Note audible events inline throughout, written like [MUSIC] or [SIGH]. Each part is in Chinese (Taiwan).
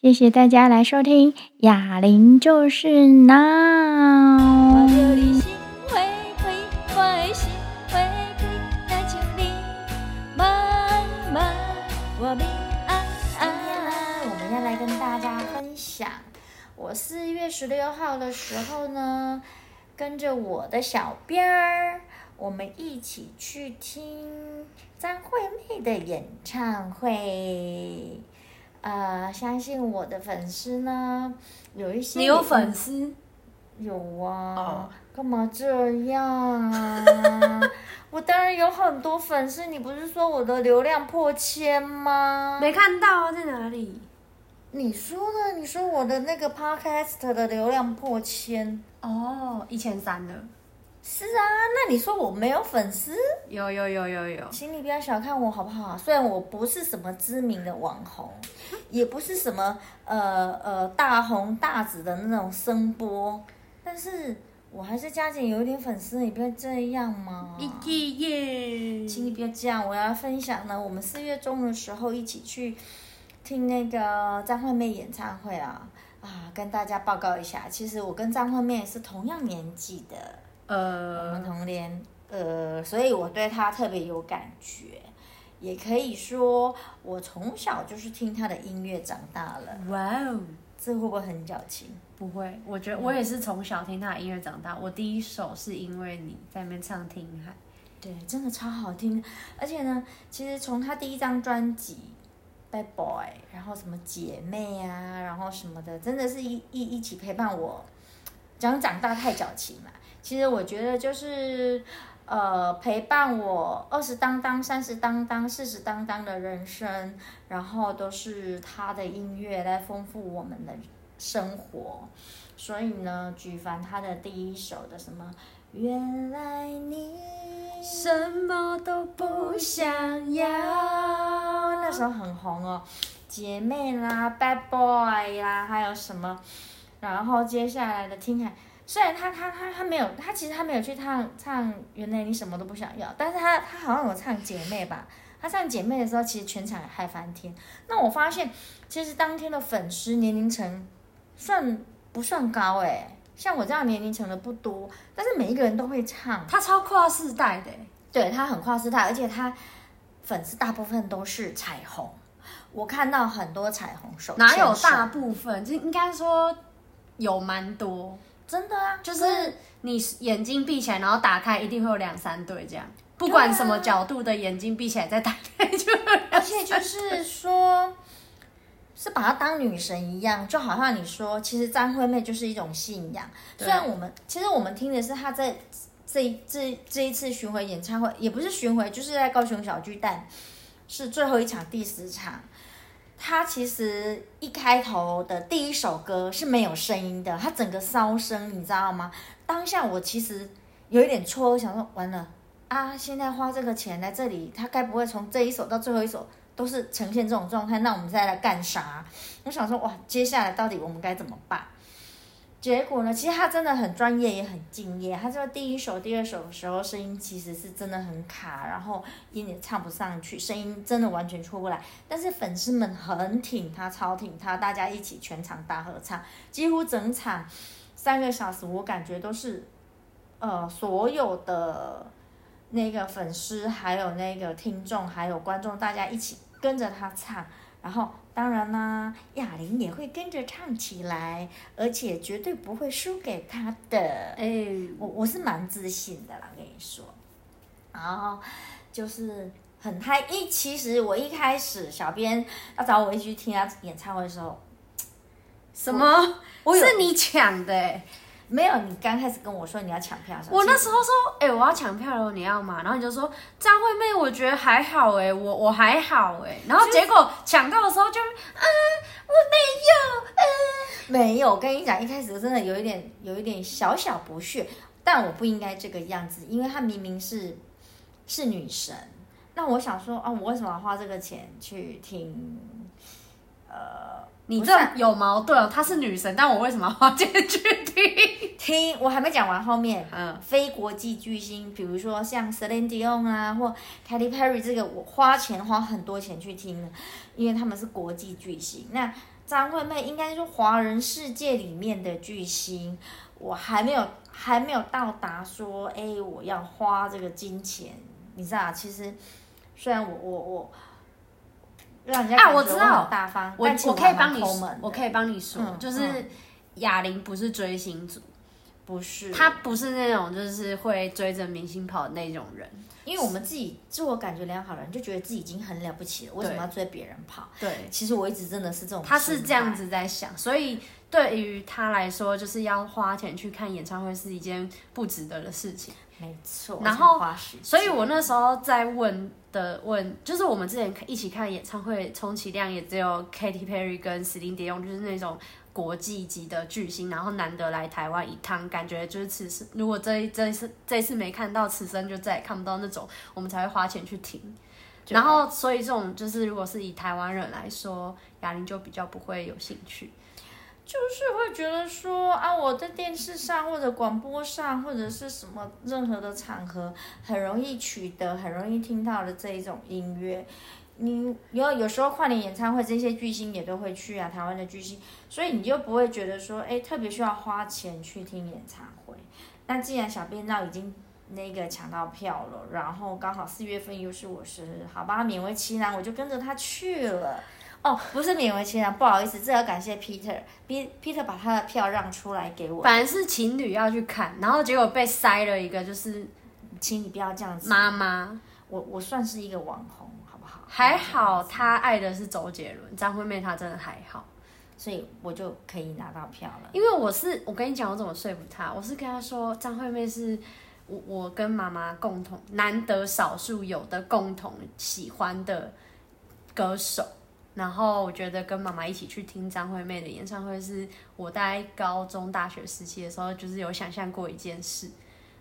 謝謝大家來收聽《Yaling 就是 Now》。今天呢，我們要來跟大家分享，我四月十六號的時候呢，跟着我的小編兒，我們一起去聽張惠妹的演唱會。呃，相信我的粉絲呢，有一些。你有粉絲？有啊。哦。幹嘛這樣啊？ [LAUGHS] 我當然有很多粉絲。你不是說我的流量破千嗎？沒看到啊，在哪裡？你說的，你說我的那個 Podcast 的流量破千。哦，一千三了。是啊，那你說我沒有粉絲？有，有有有有有，請你不要小看我好不好？雖然我不是什麼知名的網紅，嗯、也不是什麼呃呃大紅大紫的那種聲波，但是我還是加減有一點粉絲，你不要這樣嘛。耶耶，請你不要這樣。我要分享呢，我們四月中的時候一起去聽那個張惠妹演唱會啊啊，跟大家報告一下，其實我跟張惠妹是同樣年紀的。呃，童年，呃，所以我對他特別有感覺，也可以說我從小就是聽他的音樂長大了。哇哦，這會不會很矯情？不會，我覺得我也是從小聽他的音樂長大。嗯，我第一首是因為你在那邊唱《聽海》，對，真的超好聽的。而且呢，其實從他第一張專輯《Bad Boy》，然後什麼姐妹啊，然後什麼的，真的是一一一起陪伴我。講長大太矯情了。 [LAUGHS] 其實我覺得就是，呃，陪伴我二十噹噹、三十噹噹、四十噹噹的人生，然後都是他的音樂來豐富我們的生活。所以呢，舉凡他的第一首的什麼，原來你什麼都不想要，那時候很紅哦，姐妹啦、bad boy 啦，還有什麼，然後接下來的，聽海。雖然他他他他沒有他其實他沒有去唱唱原來你什麼都不想要，但是他他好像有唱姐妹吧？他唱姐妹的時候，其實全場嗨翻天。那我發現，其實當天的粉絲年齡層算不算高，欸？哎，像我這樣年齡層的不多，但是每一個人都會唱，他超跨世代的，欸。對，他很跨世代，而且他粉絲大部分都是彩虹。我看到很多彩虹手。哪有大部分？就應該說有蠻多。真的啊，就是你眼睛閉起來，然後打開，一定會有兩三對這樣。對啊，不管什麼角度的眼睛閉起來再打開就有，就而且就是說，是把她當女神一樣，就好像你說，其實張惠妹就是一種信仰。雖然我們其實我們聽的是她在這這這一次巡回演唱會，也不是巡回，就是在高雄小巨蛋，是最後一場第十場。他其實一開頭的第一首歌是沒有聲音的，他整個燒聲，你知道嗎？當下我其實有一點剉，我想說完了啊，現在花這個錢來這裡，他該不會從這一首到最後一首都是呈現這種狀態？那我們再來幹啥？我想說哇，接下來到底我們該怎麼辦？結果呢？其實他真的很專業，也很敬業。他說第一首、第二首的時候，聲音其實是真的很卡，然後音也唱不上去，聲音真的完全出不來。但是粉絲們很挺他，超挺他，大家一起全場大合唱，幾乎整場三個小時，我感覺都是，呃，所有的那個粉絲，還有那個聽眾，還有觀眾，大家一起跟着他唱。然後，當然啦，亞林也會跟着唱起來，而且絕對不會輸給他的。誒、哎，我我是蠻自信的啦，跟你說。然後就是很嗨，其實我一開始小編要找我一起去聽他演唱會的時候，什麼？我是你搶的、欸。沒有，你剛開始跟我說你要搶票。我那時候說，哎、欸，我要搶票了，你要嗎？然後你就說張惠妹，我覺得還好哎、欸，我我還好哎、欸。然後結果搶到、就是、的時候就嗯、呃，我沒有，嗯、呃，沒有。我跟你講，一開始真的有一點，有一點小小不屑，但我不應該這個樣子，因為她明明是是女神。那我想說啊，我為什麼要花這個錢去聽，嗯、呃。你這有矛盾哦、啊，她是女神，但我為什麼要花錢去聽？聽，我還沒講完後面，嗯，非國際巨星，比如說像 Celine Dion 啊，或 Katy Perry 這個，我花錢花很多錢去聽呢，因為他們是國際巨星。那張惠妹應該說華人世界裡面的巨星，我還沒有還沒有到達說，哎，我要花這個金錢。你知道，其實雖然我我我。我讓人家啊，我知道，我大方我，但其實我很摳門。我可以幫你說，我可以幫你說嗯、就是雅玲、嗯、不是追星族，不是，他不是那種就是會追着明星跑的那種人。因為我們自己自我感覺良好的人就覺得自己已經很了不起了，為什麼要追別人跑？對，其實我一直真的是這種，他是這樣子在想，所以。對於他來說，就是要花錢去看演唱會是一件不值得的事情。沒錯，然後，所以我那時候在問的問，就是我們之前一起看演唱會，充其量也只有 Katy Perry 跟 Celine Dion，就是那種國際級的巨星，然後難得來台灣一趟，感覺就是此生如果這一這次這次沒看到，此生就再也看不到那種，我們才會花錢去聽。然後，所以這種就是如果是以台灣人來說，雅玲就比較不會有興趣。就是會覺得說啊，我在電視上或者廣播上或者是什麼任何的場合，很容易取得，很容易聽到的這一種音樂。你有有時候跨年演唱會，這些巨星也都會去啊，台灣的巨星，所以你就不會覺得說，哎，特別需要花錢去聽演唱會。那既然小編道已經那個搶到票了，然後剛好四月份又是我生日，好吧，勉為其難，我就跟着他去了。哦、不是勉為其難，不好意思，這要感謝 Peter，P Peter 把他的票讓出來給我。反正是情侶要去看，然後結果被塞了一個，就是，請你不要這樣子。媽媽，我我算是一個網紅，好不好？還好他愛的是周杰倫，張惠妹她真的還好，所以我就可以拿到票了。因為我是，我跟你講，我怎麼說服他？我是跟他說，張惠妹是我我跟媽媽共同難得少數有的共同喜歡的歌手。然後我覺得跟媽媽一起去聽張惠妹的演唱會，是我在高中、大學時期的時候，就是有想象過一件事。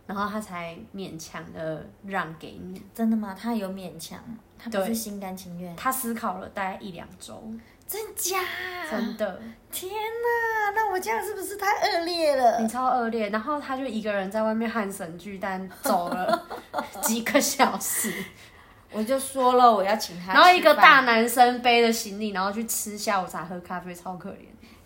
然後她才勉強的讓給你，真的嗎？她有勉強嗎？她不是心甘情願。她思考了大概一兩周，真假？真的。天哪，那我這樣是不是太惡劣了？你超惡劣。然後她就一個人在外面漢神巨蛋走了幾個小時。 [LAUGHS] 我就說了，我要請他吃飯。然後一個大男生背著行李，然後去吃下午茶喝咖啡，超可憐。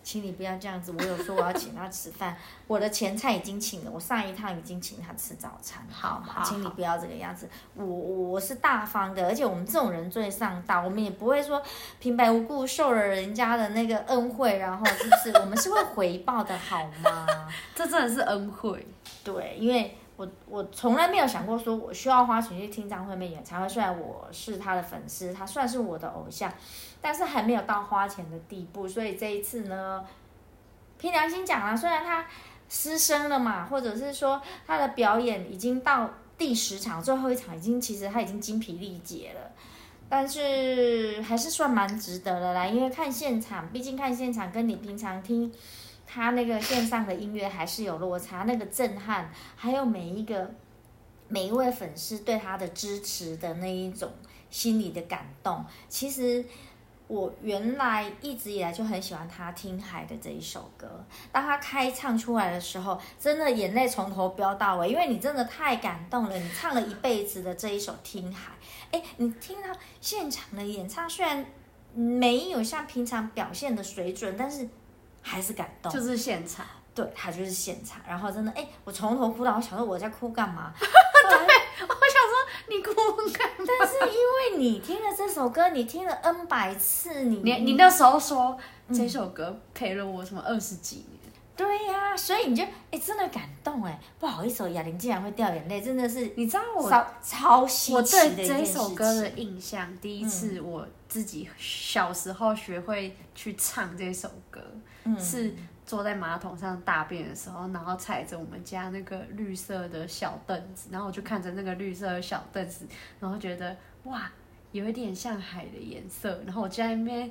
請你不要這樣子。我有說我要請他吃飯， [LAUGHS] 我的前菜已經請了，我上一趟已經請他吃早餐。好，好，好，好嗎？請你不要這個樣子。我我是大方的，而且我們這種人最上道，我們也不會說平白無故受了人家的那個恩惠，然後就是， [LAUGHS] 我們是會回報的，好嗎？ [LAUGHS] 這真的是恩惠。對，因為。我我從來沒有想過說我需要花錢去聽張惠妹演唱會，雖然我是她的粉絲，她算是我的偶像，但是還沒有到花錢的地步。所以這一次呢，憑良心講了啊，雖然她失聲了嘛，或者是說她的表演已經到第十場最後一場，已經其實她已經精疲力竭了，但是還是算蠻值得的啦，因為看現場，畢竟看現場跟你平常聽。他那個線上的音樂還是有落差，那個震撼，還有每一個每一位粉絲對他的支持的那一種心裡的感動。其實我原來一直以來就很喜歡他《聽海》的這一首歌，當他開唱出來的時候，真的眼淚從頭飆到尾，因為你真的太感動了。你唱了一輩子的這一首《聽海》，誒，你聽到現場的演唱雖然沒有像平常表現的水準，但是。還是感動，就是現場，對他就是現場，然後真的，哎、欸，我從頭哭到，我想說我在哭幹嘛？ [LAUGHS] 對我想說你哭幹嘛？但是因為你聽了這首歌，你聽了 N 百次，你你，你那時候說這首歌陪了我什麼二十幾年。嗯。對呀、啊，所以你就哎，真的感動哎，不好意思、啊，雅琳竟然會掉眼淚，真的是你知道我超新奇的一件事。我對這首歌的印象，第一次我自己小時候學會去唱這首歌，嗯、是坐在馬桶上大便的時候、嗯，然後踩着我們家那個綠色的小凳子，然後我就看着那個綠色的小凳子，然後覺得哇，有一點像海的顏色，然後我在那邊。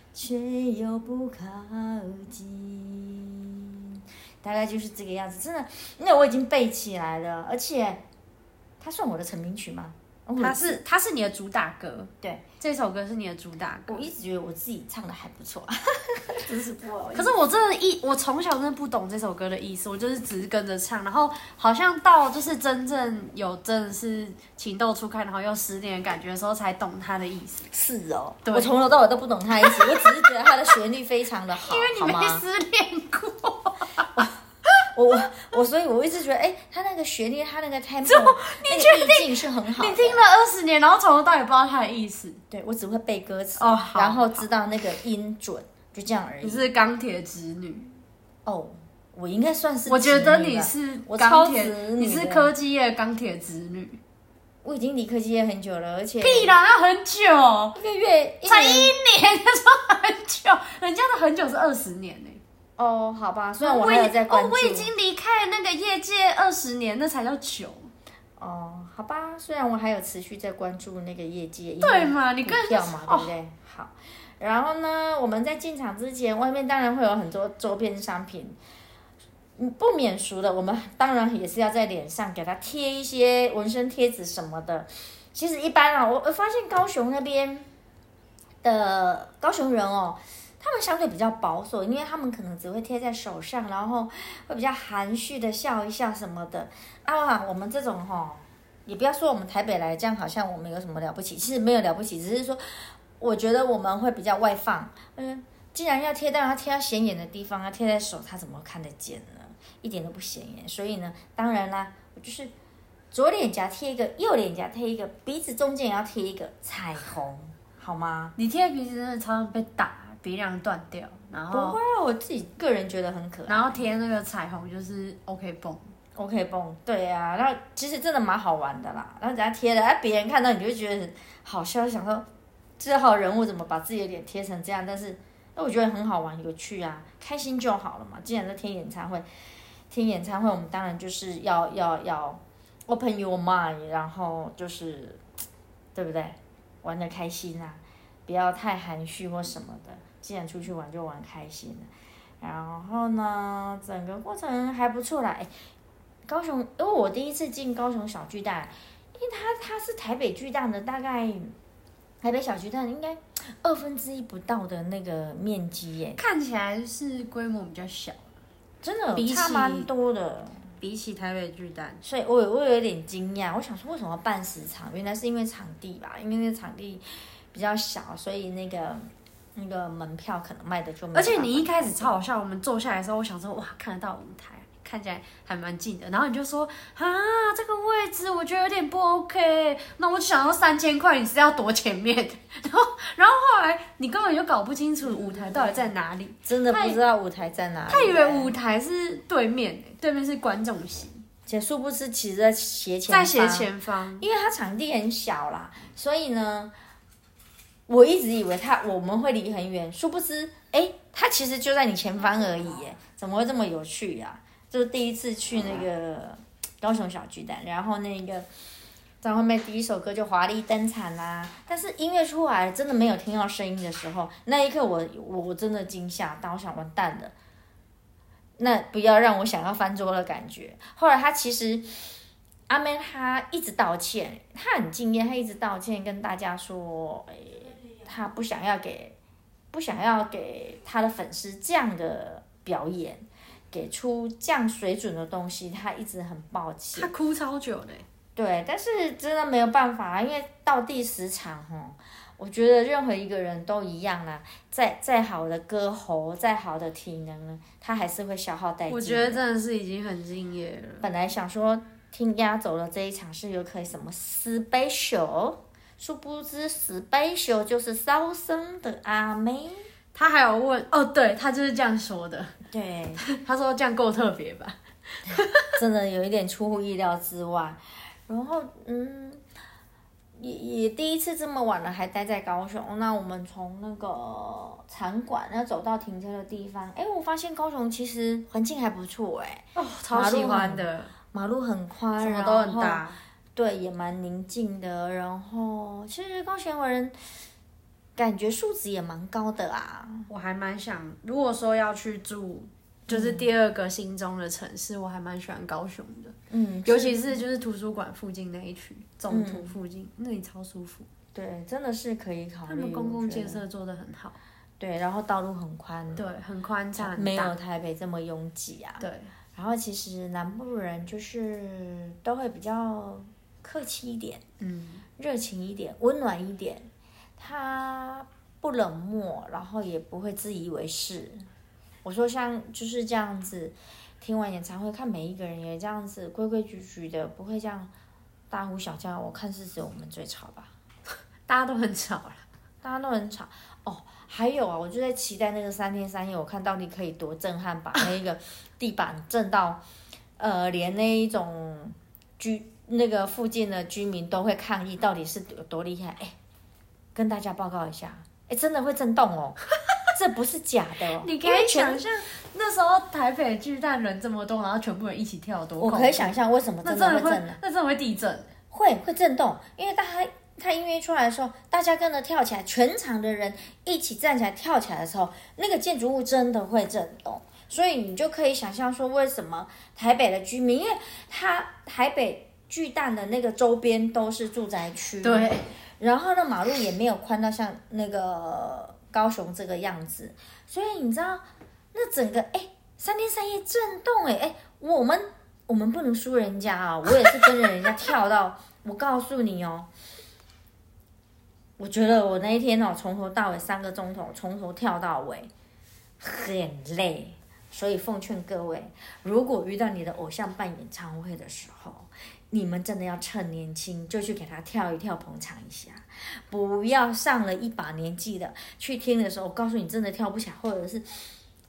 卻又不靠近，大概就是這個樣子。真的，那我已經背起來了，而且，它算我的成名曲嗎？他是他是，你的主打歌，對，這首歌是你的主打歌。我一直覺得我自己唱的還不錯，真是不好意思。可是我真的我從小真的不懂這首歌的意思，我就是只是跟着唱，然後好像到就是真正有真的是情竇初開，然後又失戀的感覺的時候，才懂它的意思。是哦，對。我從頭到尾都不懂它的意思，我只是覺得他的旋律非常的好，因為你沒失戀過。 [LAUGHS] 我我所以我一直覺得，哎、欸，他那個學歷，他那個 tempo，你確定、那個、是很好？你聽了二十年，然後從頭到尾不知道他的意思。對，我只會背歌詞哦，然後知道那個音準，哦、就這樣而已。你、就是鋼鐵直女？哦，我應該算是。我覺得你是鋼鐵，你是科技業鋼鐵直女、嗯。我已經離科技業很久了，而且屁啦，要很久，一、那個月一才一年，你說很久，人家的很久是二十年呢、欸。哦，好吧，雖然我還有在關注、嗯。哦，我已經離開那個業界二十年，那才叫久。哦，好吧，雖然我還有持續在關注那個業界。嘛對嘛，你股票嘛，對不對、哦？好。然後呢，我們在進場之前，外面當然會有很多周邊商品，嗯，不免俗的，我們當然也是要在臉上給他貼一些紋身貼紙什麼的。其實一般啊，我發現高雄那邊的高雄人哦。他們相對比較保守，因為他們可能只會貼在手上，然後會比較含蓄的笑一下什麼的。啊，我們這種哈、哦，也不要說我們台北來講，這樣好像我們有什麼了不起，其實沒有了不起，只是說我覺得我們會比較外放。嗯，既然要貼，當然要貼到顯眼的地方啊，貼在手，他怎麼看得見呢？一點都不顯眼。所以呢，當然啦，我就是左臉頰貼一個，右臉頰貼一個，鼻子中間也要貼一個彩虹，好嗎？你貼在鼻子真的常常被打。鼻梁斷掉，然後不會啊，我自己個人覺得很可愛。然後貼那個彩虹就是 OK 蹦，OK 蹦，對啊，然後其實真的蠻好玩的啦。然後等下貼了，哎，別人看到你就覺得很好笑，想說這號人物怎麼把自己的臉貼成這樣？但是那我覺得很好玩，有趣啊，開心就好了嘛。既然在聽演唱會，聽演唱會，我們當然就是要要要 open your mind，然後就是對不對？玩的開心啊，不要太含蓄或什麼的。既然出去玩就玩開心，然後呢，整個過程還不錯啦。哎，高雄，因、哦、為我第一次進高雄小巨蛋，因為它它是台北巨蛋的大概，台北小巨蛋應該二分之一不到的那個面積耶，看起來是規模比較小，真的比差蠻多的，比起台北巨蛋，所以我有我有點驚訝，我想說為什麼要辦十場？原來是因為場地吧，因為那個場地比較小，所以那個。那個門票可能賣的就沒，而且你一開始超好笑，我們坐下來的時候，我想說哇，看得到舞台，看起來還蠻近的。然後你就說啊，這個位置我覺得有點不 OK。那我就想要三千塊，你是要躲前面？然後，然後後來你根本就搞不清楚舞台到底在哪裡，真的不知道舞台在哪裡。他以為舞台是對面，對面是觀眾席。結束不是其實在斜前，在斜前方，因為它場地很小啦，所以呢。我一直以為他我們會離很遠，殊不知，哎，他其實就在你前方而已，耶。怎麼會這麼有趣呀？啊？就是第一次去那個高雄小巨蛋，啊、然後那個張惠妹第一首歌就華麗登場啦。但是音樂出來，真的沒有聽到聲音的時候，那一刻我我我真的驚嚇，但我想完蛋了，那不要讓我想要翻桌的感覺。後來他其實阿妹她一直道歉，她很敬業，她一直道歉跟大家說，哎。他不想要給，不想要給他的粉絲這樣的表演，給出這樣水準的東西，他一直很抱歉。他哭超久嘞。對，但是真的沒有辦法，因為到第十場我覺得任何一個人都一樣啦。再再好的歌喉，再好的體能，他還是會消耗殆盡。我覺得真的是已經很敬業了。本來想說聽壓軸的這一場是有可以什麼 special。殊不知，special 就是燒生的阿妹。他還有問哦，對，他就是這樣說的。對，他說這樣夠特別吧？真的有一點出乎意料之外。然後，嗯，也也第一次這麼晚了還待在高雄。那我們從那個場館，那走到停車的地方。哎、欸，我發現高雄其實環境還不錯、欸，哎、哦，超喜歡的馬路很寬，什麼都很大。對，也蠻寧靜的。然後，其實高雄人感覺素質也蠻高的啊。我還蠻想，如果說要去住，就是第二個心中的城市，嗯，我還蠻喜歡高雄的。嗯，尤其是就是圖書館附近那一區，中圖附近、嗯、那裡超舒服。對，真的是可以考慮。他們公共建設做得很好得。對，然後道路很寬。對，很寬敞，沒有台北這麼擁擠啊。對。然後，其實南部人就是都會比較。客氣一點，嗯，熱情一點，溫暖一點，他不冷漠，然後也不會自以為是。我說像就是這樣子，聽完演唱會看每一個人也這樣子，規規矩矩的，不會這樣大呼小叫。我看是只有我們最吵吧， [LAUGHS] 大家都很吵了，大家都很吵。哦，還有啊，我就在期待那個三天三夜，我看到底可以多震撼，把那個地板震到， [LAUGHS] 呃，連那一種居。那個附近的居民都會抗議，到底是有多厲害、欸？跟大家報告一下，欸、真的會震動哦， [LAUGHS] 這不是假的、哦。你可以想象那時候台北巨蛋人這麼多，然後全部人一起跳多，我可以想象為什麼真的會震動，那怎麼會地震？會會震動，因為大家他音樂一出來的時候，大家跟着跳起來，全場的人一起站起來跳起來的時候，那個建築物真的會震動。所以你就可以想象說，為什麼台北的居民，因為他台北。巨蛋的那個周邊都是住宅區，對，然後呢，馬路也沒有寬到像那個高雄這個樣子，所以你知道那整個哎三天三夜震動哎哎，我們我們不能輸人家啊、哦！我也是跟着人家跳到， [LAUGHS] 我告訴你哦，我覺得我那一天哦從頭到尾三個鐘頭從頭跳到尾，很累。所以奉勸各位，如果遇到你的偶像辦演唱會的時候，你們真的要趁年輕就去給他跳一跳捧場一下，不要上了一把年紀的，去聽的時候，我告訴你真的跳不起來，或者是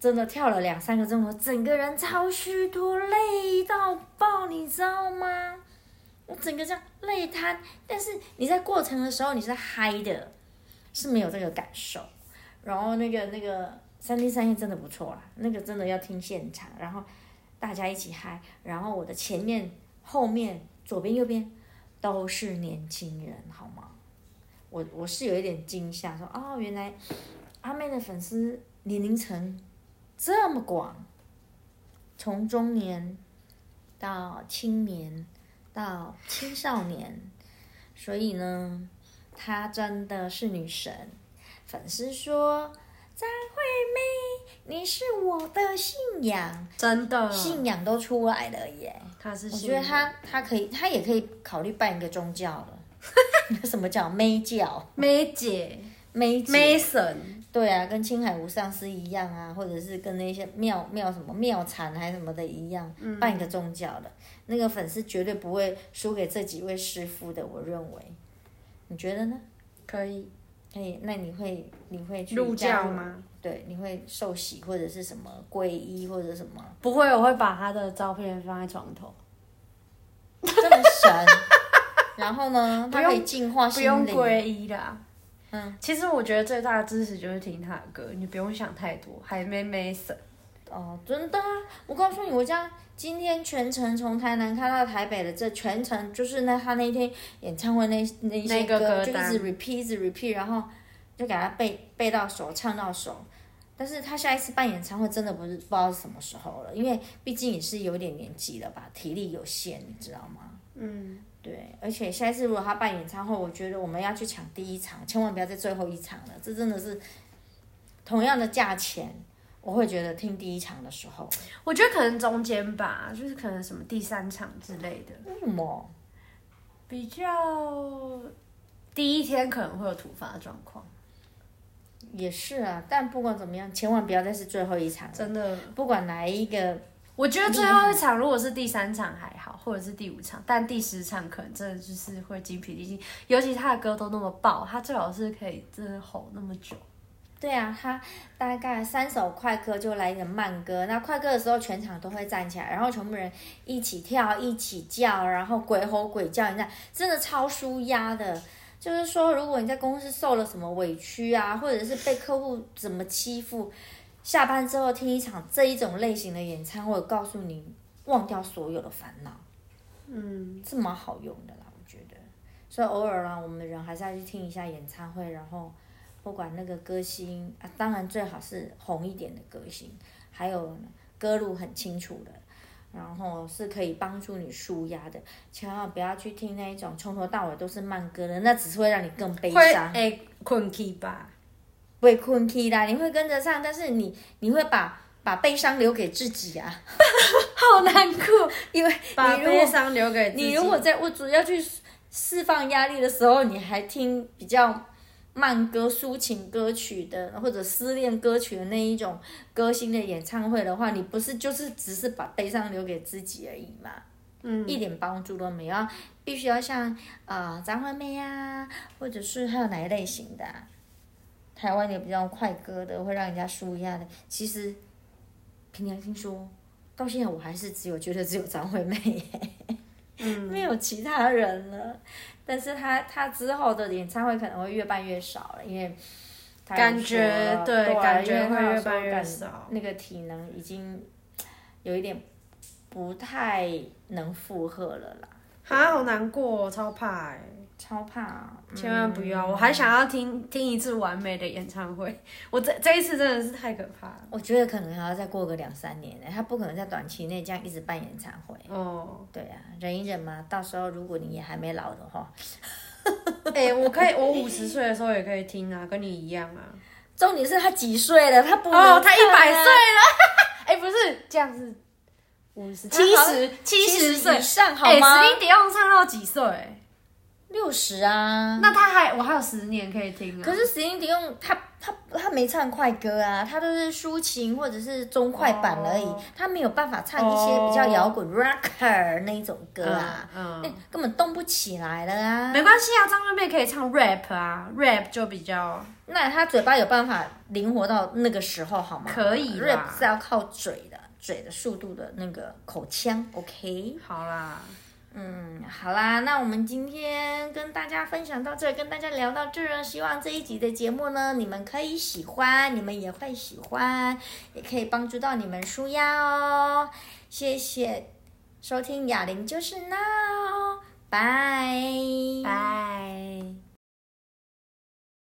真的跳了兩三個鐘頭，整個人超虛脫，累到爆，你知道嗎？我整個這樣累癱，但是你在過程的時候你是嗨的，是沒有這個感受。然後那個那個。三天三夜真的不錯了、啊，那個真的要聽現場，然後大家一起嗨，然後我的前面、後面、左邊、右邊都是年輕人，好嗎？我我是有一點驚嚇，說哦，原來阿妹的粉絲年齡層這麼廣，從中年到青年到青少年，所以呢，她真的是女神，粉絲說。張惠妹，你是我的信仰，真的信仰都出來了耶！他是，我覺得他他可以，他也可以考慮辦一個宗教了。 [LAUGHS] [LAUGHS] 什麼叫 may 教？may 姐？妹？妹神？對啊，跟青海無上師一樣啊，或者是跟那些廟廟什麼廟禪還是什麼的一樣，嗯、辦一個宗教的，那個粉絲絕對不會輸給這幾位師傅的，我認為。你覺得呢？可以。可、欸、以，那你會你會去入，入教嗎？對，你會受洗或者是什麼皈依或者什麼？不會，我會把他的照片放在床頭，這麼神。 [LAUGHS] 然後呢？他可以淨化心靈，不用皈依啦。嗯，其實我覺得最大的支持就是聽他的歌，你不用想太多，海妹妹神。哦、oh，真的啊！我告訴你，我家今天全程從台南看到台北的這全程，就是那他那天演唱會那那一些歌，歌歌就是、一直 repeat，一直 repeat，然後就給他背背到手，唱到手。但是他下一次辦演唱會真的不是不知道是什麼時候了，因為畢竟也是有點年紀了吧，體力有限，你知道嗎？嗯，對。而且下一次如果他辦演唱會，我覺得我們要去搶第一場，千萬不要在最後一場了。這真的是同樣的價錢。我會覺得聽第一場的時候，我覺得可能中間吧，就是可能什麼第三場之類的。為什麼？比較第一天可能會有突發的狀況。也是啊，但不管怎麼樣，千萬不要再是最後一場。真的，不管來一個，我覺得最後一場如果是第三場還好，或者是第五場，但第十場可能真的就是會精疲力盡，尤其他的歌都那麼爆，他最好是可以真的吼那麼久。對啊，他大概三首快歌就來一個慢歌，那快歌的時候全場都會站起來，然後全部人一起跳、一起叫，然後鬼吼鬼叫，你看，真的超舒壓的。就是說，如果你在公司受了什麼委屈啊，或者是被客戶怎麼欺負，下班之後聽一場這一種類型的演唱會，告訴你忘掉所有的煩惱，嗯，這麼好用的啦，我覺得。所以偶爾啦，我們的人還是要去聽一下演唱會，然後。不管那個歌星啊，當然最好是紅一點的歌星，還有歌路很清楚的，然後是可以幫助你舒壓的。千萬不要去聽那一種從頭到尾都是慢歌的，那只是會讓你更悲傷。會睏 key、欸、吧？不會睏 key 的，你會跟着唱，但是你你會把把悲傷留給自己啊， [LAUGHS] 好難過。因為把悲傷留給自己你，如果在我主要去釋放壓力的時候，你還聽比較。慢歌、抒情歌曲的，或者失戀歌曲的那一種歌星的演唱會的話，你不是就是只是把悲傷留給自己而已嘛？嗯，一點幫助都沒有，必須要像呃、張惠妹呀、啊，或者是還有哪一類型的、啊，台灣也比較快歌的，會讓人家舒壓的。其實憑良心說，到現在我還是只有覺得只有張惠妹，嗯、 [LAUGHS] 沒有其他人了。但是他他之後的演唱會可能會越辦越少了，因為他感覺對，對啊，感覺會越辦越少，那個體能已經有一點不太能負荷了啦。好難過、喔，超怕哎、欸，超怕、喔！千萬不要，嗯、我還想要聽聽一次完美的演唱會。我這這一次真的是太可怕了。我覺得可能還要再過個兩三年呢、欸，他不可能在短期內這樣一直辦演唱會。哦、嗯，對啊，忍一忍嘛，到時候如果你也還沒老的話，哎、 [LAUGHS] 欸，我可以，我五十歲的時候也可以聽啊，跟你一樣啊。重點是他幾歲了？他不、啊哦，他一百歲了。哎、 [LAUGHS] 欸，不是這樣子。50, 七十七十歲以上好嗎？欸、席琳迪翁唱到幾歲？六十啊！那他還我還有十年可以聽。可是席琳迪翁他他他沒唱快歌啊，他都是抒情或者是中快板而已，哦，他沒有辦法唱一些比較搖滾 rocker 那一種歌啊。嗯，嗯、欸，根本動不起來了啊。沒關係啊，張惠妹可以唱 rap 啊，rap 就比較，那他嘴巴有辦法靈活到那個時候好嗎？可以，rap 是要靠嘴的。嘴的速度的那個口腔，OK，好啦，嗯，好啦，那我們今天跟大家分享到這，跟大家聊到這兒，希望這一集的節目呢，你們可以喜歡，你們也會喜歡，也可以幫助到你們舒壓哦，謝謝收聽，雅玲就是鬧，拜、哦、拜。Bye Bye